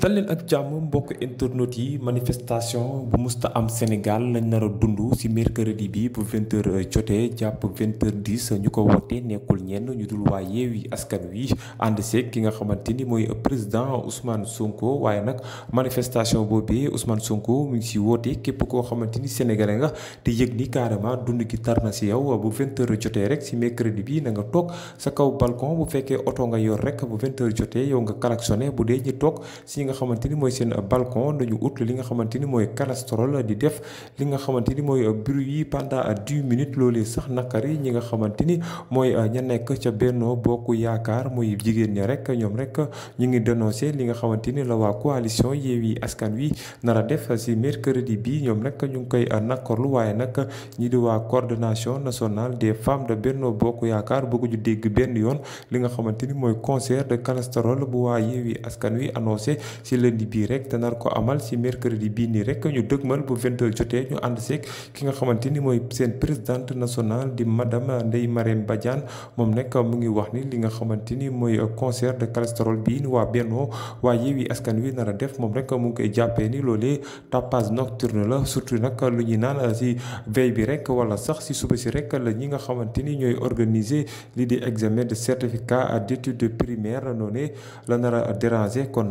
dal ak jàmm mbokk internautes yi manifestation bu musta am Sénégal lañ nar dund ci mercredi bi bu 20h jotee jàpp 20 di 10 ñu ko woote nekkul ñenn ñu dul waa Yewwi Askan Wi ànd seeg ki nga xamante ni mooy président Ousmane Sonko waaye nag manifestation boobee Ousmane sunko mu ngi ci woote képp koo xamante ni sénégalais nga te yëg ni carrément dund ki tar na ci yow bu 20h jotee rek ci mercredi bi na nga toog sa kaw balcon bu fekkee oto nga yor rek bu 20h yow nga klaxonné nga xamante ni mooy seen balcon dañu ut li nga xamante ni mooy calastrol di def li nga xamante ni mooy bruit yi pendant dix minutes loolee sax nakar yi ñi nga xamante ni mooy ña nekk ca Benno Bokk Yaakaar muy jigéen ña rek ñoom rek ñu ngi dénoncé li nga xamante ni la waa coalition Yewwi Askan Wi nara def si mercredi bi ñoom nag ñu ngi koy nakkorlu waaye nag ñi di waa coordination nationale des femmes de Benno Bokk Yaakaar bëgguñu dégg benn yoon li nga xamante ni mooy concert de calastrol bu waa Yewwi Askan Wi annoncé si lundi bii rek te nar ko amal si mercredi bii nii rek ñu dëgmal bu 20h jotee ñu ànd seeg ki nga xamante ni mooy seen présidente nationale di madame Ndeye Marème Badiane moom nag mu ngi wax ni li nga xamante ni mooy concert de cholestérol bii waa Benno waa Yewwi Askan Wi nar a def moom rek mu ngi koy jàppee ni loolee tapage nocturne la surtout nag lu ñuy naan si veille bi rek wala sax si suba si rek la ñi nga xamante ni ñooy organiser lii di examen de certificat d'études primaires noonu la nar a déranger kon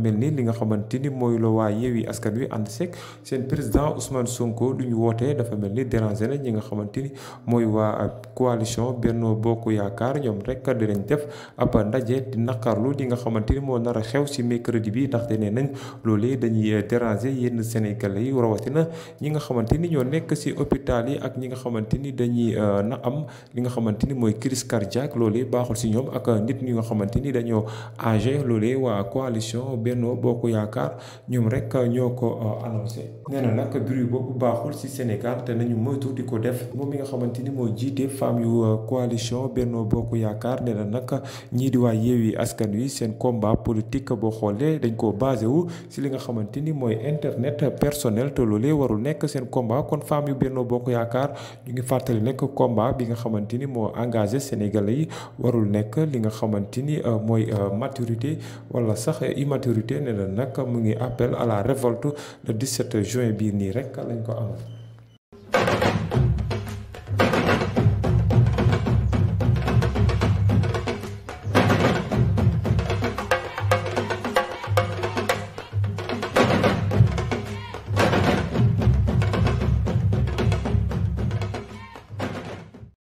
mel ni li nga xamante ni mooy la waa Yewwi Askan Wi ànd seeg seen président Ousmane Sonko lu ñu wootee dafa mel ni déranger na ñi nga xamante ni mooy waa coalition Benno Bokk Yaakaar ñoom rek dinañ def ab ndaje di naqarlu nga xamante moo nar a xew si mercredi bi ndaxte nee nañ loolee dañuy déranger yenn Sénégalais yi rawatina ñi nga xamante ni ñoo nekk si hôpital yi ak ñi nga xamante ni dañuy euh, na am li nga xamante ni mooy crise cardiaque loolee baaxul si ñoom ak nit ñi nga xamante ni dañoo âgé loolee waa coalition Benno Bokk Yaakaar ñoom rek ñoo ko euh, annoncé nag bruit boobu baaxul ci Sénégal te nañu moytu di ko def moom mi nga xamante ni moo jiite femme yu euh, coalition Benno Yaakaar nee na nag ñii di waa Yewwi Askan Wi seen combat politique boo xoolee dañ koo basé wu ci li nga xamante ni mooy internet personnel te loolee warul nekk seen combat kon femme yu Benno Bokk Yaakaar ñu ngi fàttali nekk combat bi nga xamante ni moo engagé Sénégalais yi warul nekk li nga xamante ni euh, mooy maturité wala sax immaturité autorité ne la nag mu ngi appel à la révolte le 17 juin bii nii rek lañ ko amal.